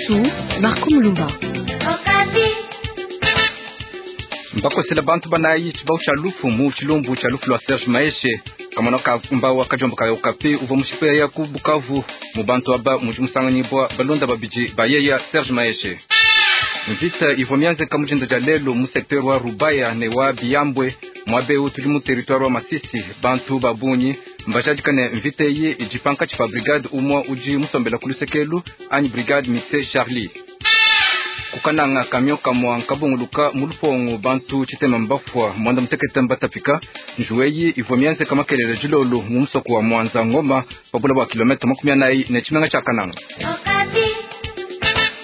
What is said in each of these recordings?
yetu Marko Mulumba mbakosela bantu banayi cibau lufu mu tshilumbu ca lufu lwa Serge Maeshe kamana mbau akajomboka okapi uva mucipeya ku Bukavu mu bantu aba mudi mucimusanganyibwa balonda babidi bayeya Serge Maeshe mvita ivua mianzeka mujinda dia lelo mu sekteur wa Rubaya ne wa biyambwe mwabeu turi mu teritwari wa masisi bantu babunyi mbashadikane mviteye igipanka cha brigade umwa uji musombela kuli sekelu anyi brigade mise charlie kukananga kamyo kamwa nkabunguluka mulupongo bantu chitema mbafwa mwanda mutekete mbatapika njuweyi ivua mianze kamakelele jilolu mu musoko wa mwanza ngoma pabula bwa kilomita makumi anayi ne chimenga cha kananga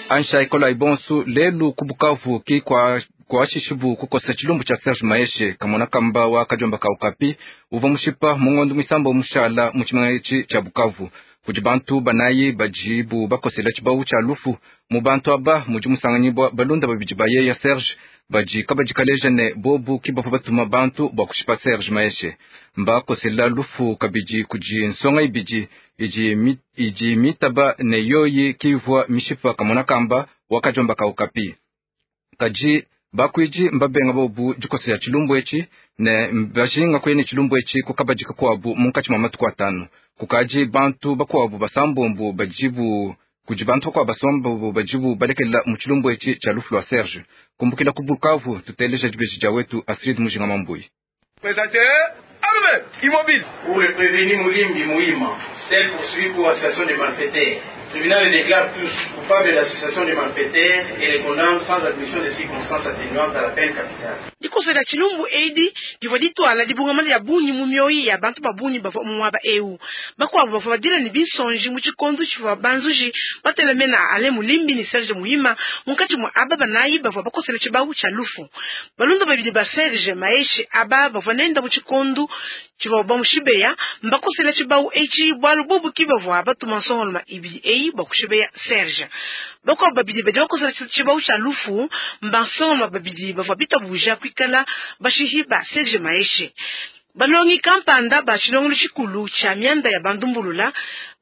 ansha ikola ibonsu lelu kubukavu kikwa kwashishibu kukosa chilumbu cha serge maeshe kamona kambawa kajomba ka ukapi uva mushipa mungondo misambo mshala muchimangaichi cha bukavu kujibantu bantu banayi badibu bakosela tshibawu tshia lufu mubantu aba mudi sanganyibwa balunda babidi baye ya serge badi kabadikaleja ne bobu kibafu batuma bantu bwa kushipa serge maeshe mbako sila lufu kabiji kuji nsonga ibiji iji, mit, iji mitaba ne yoyi kivwa mishipa kamona kamba wakajomba ka ukapi kaji bakwiji mbabenga bobu ya tshilumbu etshi ne bajinga kwene tshilumbu etshi kukabajika kuabu munkatshi mwa matuku atanu kukaji bantu bakuabu basambombu bajibu kudi bantu bakuabu basambombu bajibu balekela tshilumbu etshi tshia lufu lua serge kumbukila ku bukavu tuteleja dibeji dia wetu asrid mujinga mambuyi Présenter, arme, immobile. Pour le celle poursuivie pour association de malfaiteurs. Le tribunal les déclare tous coupables de l'association de malfaiteurs et les condamne sans admission de circonstances atténuantes à la peine capitale. dikoswela chilumbu eidi ndipo ditwala dibung'amana ya bunyi mu mioyi ya bantu babunyi bava muwaba eu Bakwa bafa badila ni bisonji mu chikonzo chiva banzuji batelemena ale mulimbi ni serge muhima mukati mwa aba banayi bava bakosela chibawu cha lufu balundu babidi ba serge maeshi aba bava nenda mu chikondu chiva bamuchibeya mbakosela chibawu eci bwalo rububu kibevuha batuma nsonga ibi eyi ya serge boko babiri beja bakozela chibau cha lufu mbansonga babiri bavuha kwikala bashihiba serge maeshe balongi kampanda ba tshilongelo tshikulu tshia mianda ya bandumbulula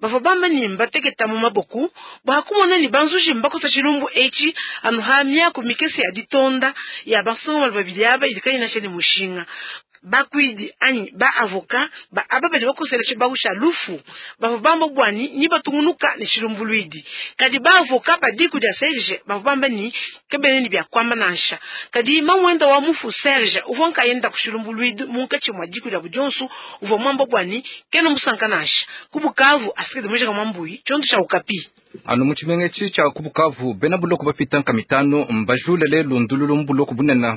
bava bambani mbateke mu maboku bahakumonani banzuji banzujim. tshilumbu etshi anu ha miaku ya ditonda ya basoma babili yaba ilikani na mushinga bakwidi ani ba avoka ba ababedi ba usha lufu ba bavo bambobwani ni batung'unuka ni shilumbu lwidi kadi ba avoka ba diku dia serge ba bavo bambani kebeneni bia kwamba nansha kadi mamwenda wa mufu serge uvo nkayenda ku shilumbu lwidi munkache mwa diku ya bujonsu uvo mwambobwani keno musanka nansha kubukavu asikedi mwenjeka mwambuyi chondo cha ukapi ano mu chimengetshi cha kubukavu bukavu bena buloko bapitanka mitanu mbajule lundululu ndululu mbuloko bunena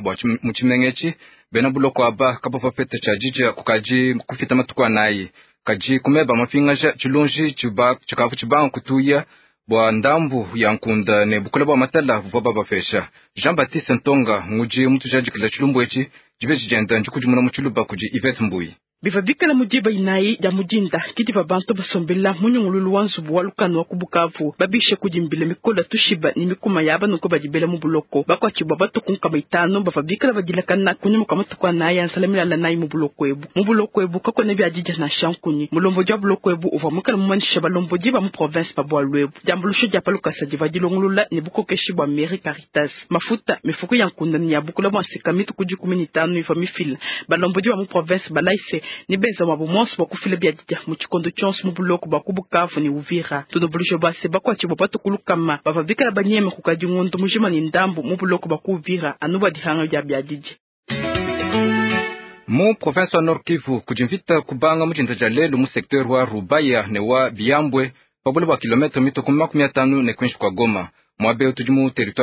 mu chimengetshi bena buloko aba kapa papete cha jija kukaji kufita matuku anayi kaji kumeba mapingaja chilunji chiba chikavu kutuya bua ndambu ya nkunda ne bukula bua matala bwa baba fesha Jean Baptiste Ntonga nguji mutu jajikila chilumbu echi jibe jijenda njikujimuna mu chiluba kuji Yvette Mbuyi bivavika mudiba inayi dia mudinda kidi pa bantu basombela munyongololo wa nzubu wa lukano wa kubukavu babishe kudimbila mikola tushiba ni mikuma ya banoko badibela mu buloko bakuakibua batuku nkama itano bafavikala badilakana kunyamuka matuku anayi ansalamilala nayi mu buloko ebu mu buloko ebu kakuena biadidja na shankuni mulombo dia buloko ebu uvua muikala mumanisha balombo diba mu province pa bualu ebu diambu dia palukasa diva dilongolola ni bukokeshi bua mairie karitas mafuta mifuku ya nkunda ya bukula mua nsika mituku dikumi ni tanu iva mifila balombo diba mu province balaise nibenza mwabu monso bakufile biadidya mu mchikondo chonsu mu buloko baku bukavu ni uvira tunubulishe base bakuache bapatukulukamma bava bikala banyeme kukading'ondo mujima ni ndambu mu buloko baku uvira anu badihanga bia biadidya mu province wa Nord Kivu kubanga mudinza dia lelu mu sekteur wa Rubaya ne wa Biambwe pabule bua kilometre mituku makumi atanu ne kwinji kwa Goma mwabeo tudi mu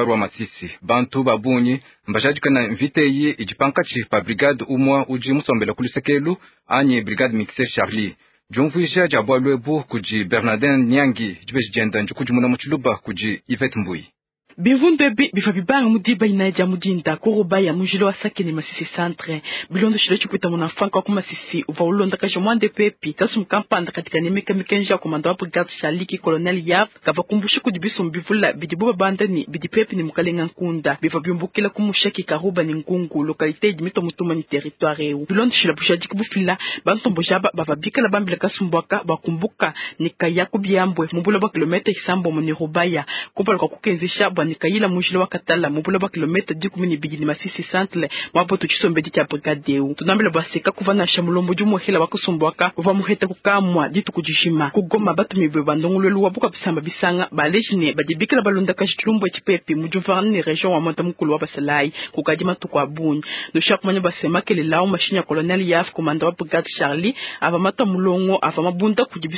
wa Masisi bantu babunyi mbashadikana mviteyi idipanka pa brigade umwa udi musombela lusekelu anyi brigade mixe Charlie diumvuija dia bua luebu kudi Bernardin Nyangi dibe didienda ndikudimuna mu tshiluba kudi Yvette Mbui bivundu ebi bifa bibanga mudiba inaija mudinda kurubaya mujilo wa sakene masisi centre bilondo shilo chikuta munafanka wa kumasisi uva ulonda kajo mwande pepi tasu mkampanda katika nemeka mikenja komanda wa brigade shaliki colonel yav kava kumbushi kudibisu mbivula bidibuba bandani bidipepi ni mukalenga nkunda biva biumbukila kumushaki karuba ni ngungu lokalite edimito mutuma ni territoire eu bilondo shilo bujadiki bufila bantombo jaba bava bikala bambila kasumbwaka bakumbuka ni kaya kubiambwe mumbula bwa kilomita isambo mune rubaya kumpala kwa kukenzisha panikayila mujila wa katala mubula bua kilomita dikumi ni bidi ni masisi santle muapo tu tshisombedi tshia brigadeu tunambela baseka kuvanasha mulombo diumuhela wa kusumbuaka uva muhete kukamua ditu kudijima kugoma batumibue bandongolweluwa bua bisamba bisanga balejine badibikila balundaka tshitulumbu tshipepi mudiuvernu ni region wa monta mukulu wa basalayi kukadi matuku abunyi nosha kumanya basemakelelao mashinya kolonel yaf komanda wa brigade charlie ava mata mulongo ava mabunda kudi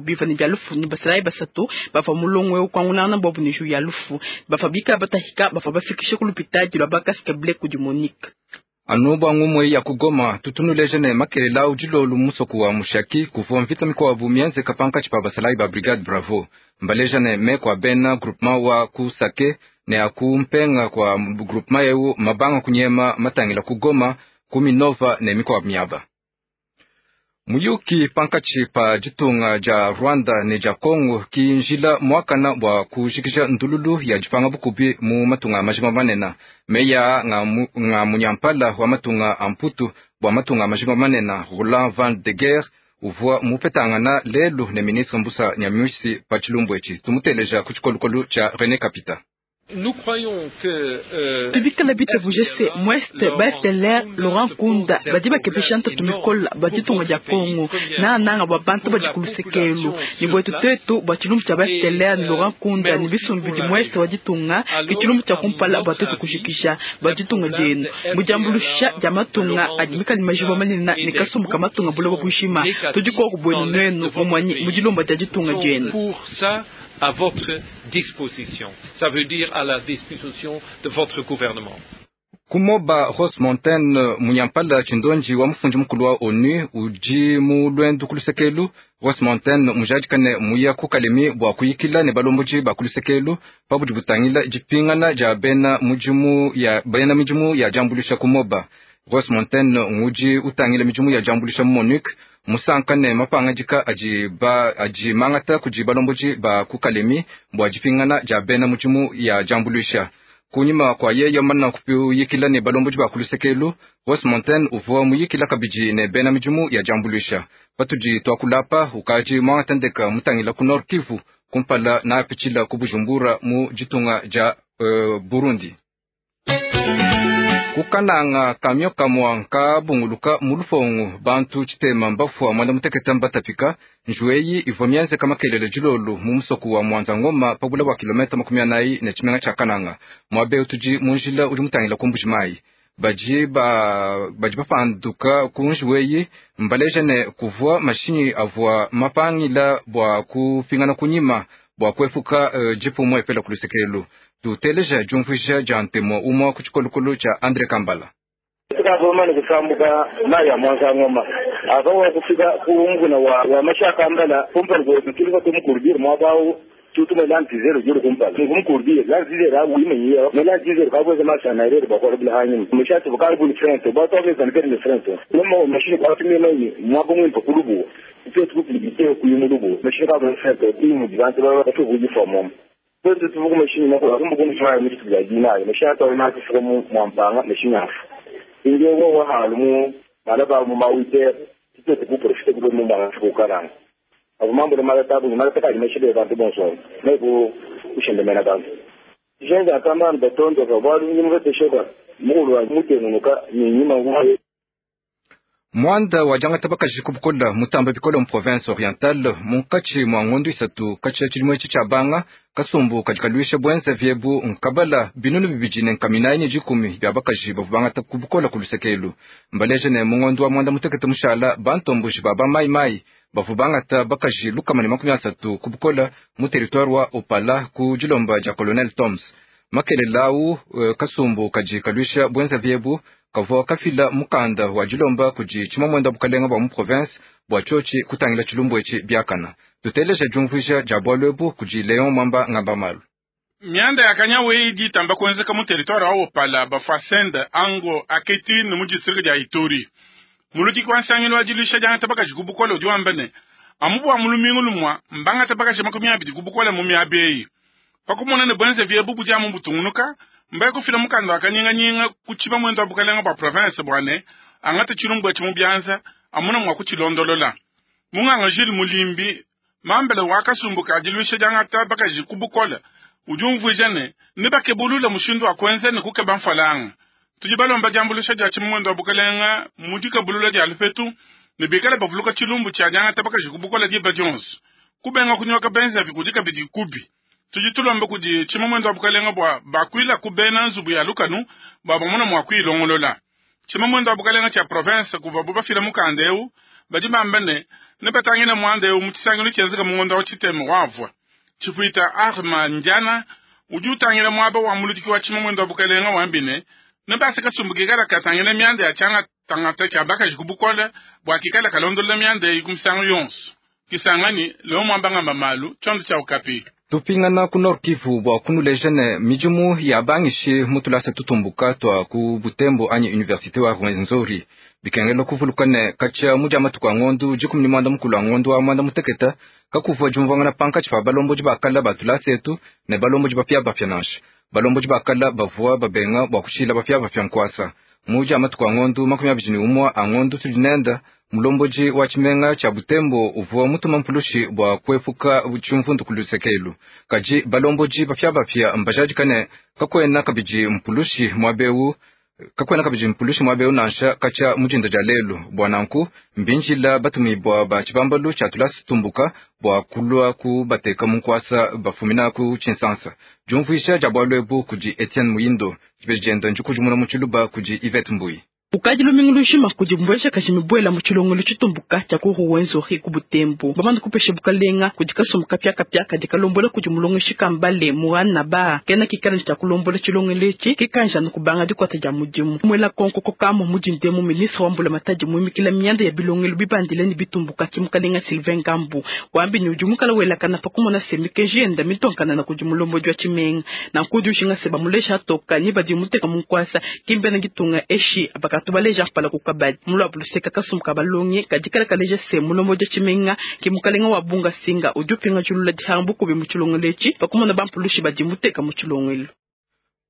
bivani bia ni basalayi basatu bava mulongo ekuangunana bua buneju ya lufu bafabika batahika bafa bafikishe kulupitaji lwa bakasikabule kujumonika anubwangu mwei ya kugoma tutunule makelela udilo lumuso kuwa mushaki kuvua mvita mikuabu mienze kapanka chipa basalai ba brigade bravo mbalejene jene me kwa bena groupement wa kusake ne mpenga kwa groupement yewu mabanga kunyema matangila kugoma kuminova ne mikuabu miaba muyuki pankachi pa ditunga dia rwanda ne dia kongo kinjila muakana bua kujikija ndululu ya dipanga bukubi mu matunga majima manena meya nga, mu, nga munyampala wa matunga amputu bua matunga majima manena roland van de guerre uvua mupetangana lelu ne ministre mbusa nyamwisi pa tshilumbue tumuteleja ku tshikolukolu tshia rené kapita tubikala bitabo jese mweste baefteler laurent kunda badi bakebishanta tumikola Laurent Kunda, kongo Kepichante, bua Baditon badikulusekelu ni bwetu tetu bua cilumbu cia baefteler ni laurent kunda Nibisum bisumbi bidi mweste waditunga kicilumbu cia kumpala bua tetu kuxikisha baditunga dienu budiambu lusha dia matunga adi mikali majibu malina ni kasumbu ka matunga buloba buixima tudi kuoku buenu nuenu mumuanyi mudilumba dia pour ça à votre disposition. Ça veut dire à la disposition de votre gouvernement. kumoba Ros montane muyampala cindonji wa mufundi mukulu wa onu udi mu luendu kulusekelu Mujadkane, montane mujadikane muya kukalemi bua ne balomboji bakulusekelu pa budi butangila dipingana dia bena mudimu ya bena midimu ya diambulusha kumoba Ros montane ngudi utangila midimu ya diambulusha monique musankane mapanga jika aji mangata kujiba lomboji ba kukalemi mbu ajipingana ja bena mudimu ya jambuluisha kunyima kwa yeyo mana kupiyikila ne balomboji ba kulusekelu wos montaine uvua muyikila kabiji ne bena mudimu ya jambuluisha patuji ukadi ukaji ndeka mutangila ku nord kivu kumpala na apichila ku bujumbura mu ditunga ja uh, burundi ukananga kamio kamuanka bunguluka mulufongo bantu chitema mbafua mwanda muteketa mbatapika njweyi ivua mianze kama kelele julolu mumusoku wa mwanza ngoma pabula wa kilometa makumi anayi ne chimenga cha kananga mwabe utuji munjila uli mutangila kumbujimayi badi ba badi bapanduka mbaleja ne kuvua mashinyi avua mapangila bwa kupingana kunyima bwa kwefuka uh, eh, jipu epela kulusekelu tuteleja jumvisha ja ntemo uma kuchikolukulu cha andré Kambala kusambuka nikusambuka maya mwanza ngoma ava wakufika kuunguna wa, wa mashaka mbala kumpala kutuliva kumukurubira mwabawo tutuma lanti zero jero kumpala nikumkurubira lanti zero abu imenyeyo ne lanti zero kabweza masha na rero bakora bila hanyuma mshati bukaribu ni frente batobeza nkeri ni frente nemo mashini kwatumye mayi mwabo mwimpa kulubu tutu kubigiye kuyumulubu mashini kabweza frente imu bantu baba batuvuji fomomo zai ta goma shi na kuɗa kuma goma shi ma ya mutu da dina ya sha ta wani ta shiga mu amfana da shi na wa halmu mu ma wuce ta ta kuka shi ta gudu mu ba shi kokara abu ma bude mala tabu mala ta kalmi shi da ba ta ne ko ushin mena kan jen da kan ban da ton ni mu ta shekar mu ruwa mu ni ni ma mwanda wajanga tabaka jiku bukola mutamba bikola mu province orientale munkatshi mwa ngondu isatu katshi tshilimue tshi tshia banga kasumbu kadi kaluisha bwenza biebu nkabala binunu bibijine nkaminaenyi jikumi bia bakaji bavu banga kubukola kulusekelu mbaleje ne mungondu wa mwanda mutekete mushala bantombuji baba maimai bavu banga ta bakaji lukamani makumi asatu kubukola mu territoire wa opala ku dilomba dia colonel toms makelela awu uh, eh, kasumbu kadi kaluisha bwenza biebu kavua kafila mukanda wa dilomba kudi tshimwamwenda bukalenga bua muprovince bua tshiotshi kutangila tshilumbu etshi biakana tuteleja diumvuija dia bua luebu kudi leon mwamba ng'amba malu ya yakanya weyi ditamba kuenzeka mu territoire awo pala bafua ango aketi ni mu distrikte dia ituri mulukiki wa nsangilu diluisha diangata bakaji kubukola udi wambene amubua mulumingu lumua mbangata bakaji makumi abidi kubukole mu eyi pakumona ne buenze viebu budi amu butungunuka mbaye kufila mukanda akanyiŋanyiŋa kuchipa mwendo apukalenga bwa province bwane angati chilumbweche mubyanza amuna mwakutshilondolola mung'anga jili mulimbi mambela wakasumbuka ajilwisha jang'ata baka jikubukola ujumvwijene ni bakebulula mushindu akwenzene kukeba mfalanga tudi balomba jambulusha jachi mumwendo abukalenga mudi kebulula dialu fetu ni bikala bavuluka chilumbu cha jang'ata baka jikubukola diba dionso kubenga kunyoka benzavi kudika tujitulombe kuti cimwe mwendo apukalenga bwa bakwila kubena nzubu ya lukanu bwabamuna mwakuilongolola cimwe mwendo apukalenga ca province kuva bo bafile mukandewu badi bambene ne batangina muandewu mucisangilo cienzeka mungondo wa citeme wavwa cifuita arma njana udi utangila mwaba wa mulutiki wa cimwe mwendo apukalenga wambine ne basi kikala katangina miande ya canga tangata ca bakaji kubukola bwa kikala kalondolola miande yi kumisango yonso kisangani leo mwambanga mamalu condo ca ukapi tupingana ku Nord Kivu bwa kunu le mijumu ya bangishe mutulasa tutumbuka twa ku Butembo anyi universite wa Rwenzori bikengelo kuvulukane kacha muja matuku a ngondu jikumi ni mwanda mukulu a ngondu wa mwanda muteketa kakuvua jumuvangana pankachi pa balomboji bakala batulasa etu ne balomboji bapya bapya nashe balomboji bakala bavua babenga bua kushila bapya nkuasa muja amatuku ang'ondu makumi abiri ni umwa ang'ondu tulinenda mulomboji wa chimenga cha butembo uvuwa mutuma mpulushi bwa kuepuka chimvundu kulusekelu kaji balomboji bapya bapya mbajadikane kakuena kabiji mpulushi mwa kakuena kabidi mpulushi mwabeu nansha kacha mudinda dia lelu bwananku mbinjila batumibwa ba tshibambalu tshia tshatu tumbuka bua kulua ku bateka munkuasa bafumina ku tshinsansa diumvuisha dia bwaluebu kudi Etienne Muindo dipedi dienda mu tshiluba kudi Ivete Mbui pukadi lumingi lushima kudimbwesha kashimibwela muchilongolo chitumbuka cha kuhu wenzori kubutembo babandu kupeshe bukalenga kudi kasumuka pyakapya kudi mulongo shikambale muana ba kena kikalani cha kulombola chilongolo kikanja nukubanga dikwata dia mudimu mwela konko kokamo mudindemu ministre wambula mataji matadi muimikila mianda ya bilongelo bibandileni bitumbuka kimukalenga sylvain ngambu wambi ni udimukala welakana pakumona semikenji enda mitonkana na kudi mulombo dia chimenga na nkudi ushinga seba mulesha atoka ni badi muteka kimbe na gitunga eshi abaka katubale George pala kukabali mulu apuluseka kasum kabalongi kadikala kaleja se mulomo moja chimenga kimukalenga wabunga singa ujupinga julula dihambu kube muchulongelechi bakumona bampulushi badimuteka muchulongelo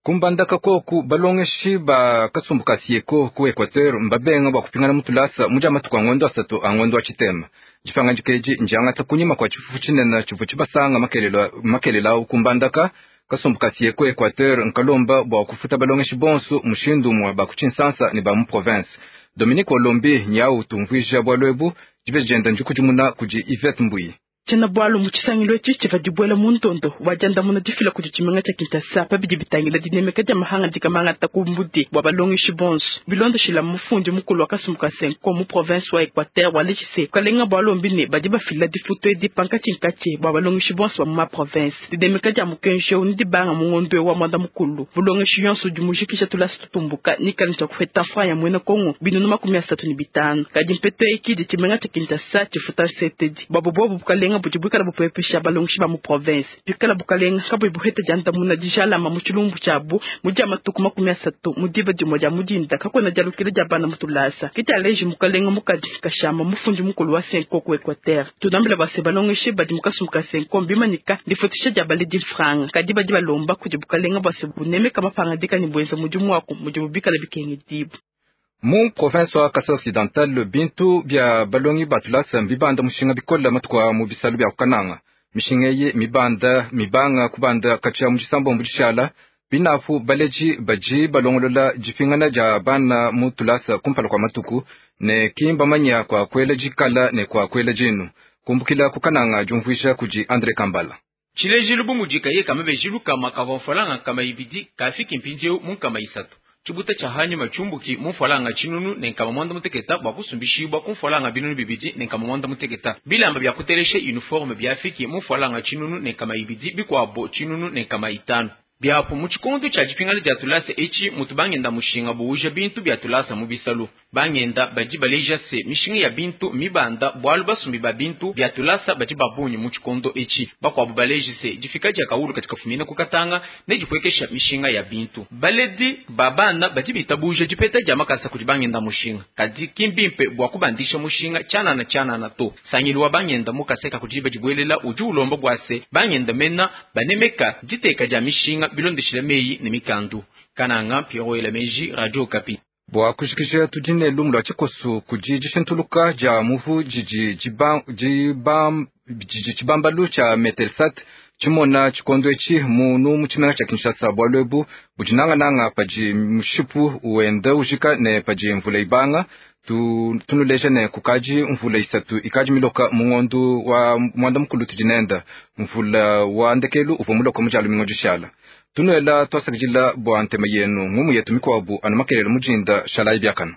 kumbandaka koku balongeshi ba kasumbu kasiyeko ku Equateur mbabenga bakupingana mutulasa muja matuku angondo asatu angondo a chitema chipanga jikeji njianga tsakunyima kwa chifufu chinene chivu chibasanga makelelawu kumbandaka kasumbuka sieko equateur nkalomba bwa kufuta balongeshi bonso mushindumu bakuchinsansa ni ba mu dominique olombi nyau tumvija bwa lwebu jibejenda njuku ndikudimuna kuji ivet mbuyi chena bwalo muchisangilo echi chivadibwela muntondo wajanda muna difila kuti chimenga cha kinshasa pabidi bitangila dinemeka dia mahanga dikamangata kumbude wa balongishi bonso bilondo shila mufundi mukulu wa kasumuka mu province wa equateur walechise kalenga bwalo mbine badi bafila difuto edi panka chinkache wa balongishi bonso wa muma province dinemeka dia mukenje uni dibanga mungondo e wa mwanda mukulu bulongishi yonso dimujikisha tulasi tutumbuka nikani cha kufeta fran ya kongo binunu makumi asatu ni bitano kadi mpeto ekidi chimenga cha kinshasa chifuta setedi babobobu kalenga bukalenga budi bwikala bupepisha balongishi ba mu province bikala bukalenga ka bui buhetajanta muna dijalama mu tshilumbu tshabo mudi a matuku makumi asatu mudiba dimo dia mudinda kakuena dialukile dia bana mutulasa kidialeji mukalenga mukadi kashama mufundi mukulu wa senko ku equateur tunambila base balongishi badi mukasu muka senko mbimanyika difutisha dia balidi mfranga kadi badi balomba kudi bukalenga base bunemeka mapanga dikani buenza mudi muaku mudi bubikala bikenge dibu mu province wa kasai occidental bintu bia balongi batu lasa mbibanda mushinga bikola matukua mu bisalu bia kukananga mishinga eyi mibanda mibanga kubanda katia mu disambo mbu binafu baleji baji balongolola difingana dia bana mu tulasa kumpala kwa matuku ne kimba manya kwa kuela dikala ne kwa kuela dinu kumbukila kukananga diumvuisha kudi andre kambala tshile dilubu mudika ye kama bejilukama kavonfolanga kama ibidi kafiki mu nkama isatu cibuta cha hanyuma chumbuki mufwalanga chinunu nenkama mwanda muteketa kusumbishibua kumfualanga binunu bibidi nenkama mwanda muteketa bilamba kuteleshe uniforme biafiki mufwalanga chinunu nenkama ibidi bikwabo chinunu nenkama itanu biapo mutshikonto tshia tshipingala dia tulasa etshi mutu bangenda mushinga buuja bintu bia tulasa mubisalu bangenda badi baleja se mishinga ya bintu mibanda bualu basumbi ba bintu bia tulasa badi babunyi mutshikondo etshi bakuabu baleji se difika dia kaulu katika fumina kukatanga ne dikuekesha mishinga ya bintu baledi babana badi bita buja dipeta dia makasa kudi bangenda mushinga kadi kimbimpe bua kubandisha mushinga chanana chanana to sangiliwa bangenda mukaseka kudi badibuelela udi ulombo guase bangenda mena banemeka diteka dia mishinga bilondeshilameyi ni mikandu kananga pyero meji radio kapi bwa kushikisha tudine lumu lwa chikoso kujiji shintuluka ja muvu jiji jibam, jiji chibambalu cha metelsat tshimona tshikondo etshi munu muchimanga cha kinshasa bwa budi bujinangananga paji mushipu uende ujika ne paji mvula ibanga tu, tunuleja ne kukaji mvula isatu ikaji miloka mungondu wa mwanda mukulu tujinenda mvula wa ndekelu uvua muloka mujalu mingonju shala tunu ela bua ntema yenu mumu yetu mikuabu anu makelelo mujinda shalayi ibiakano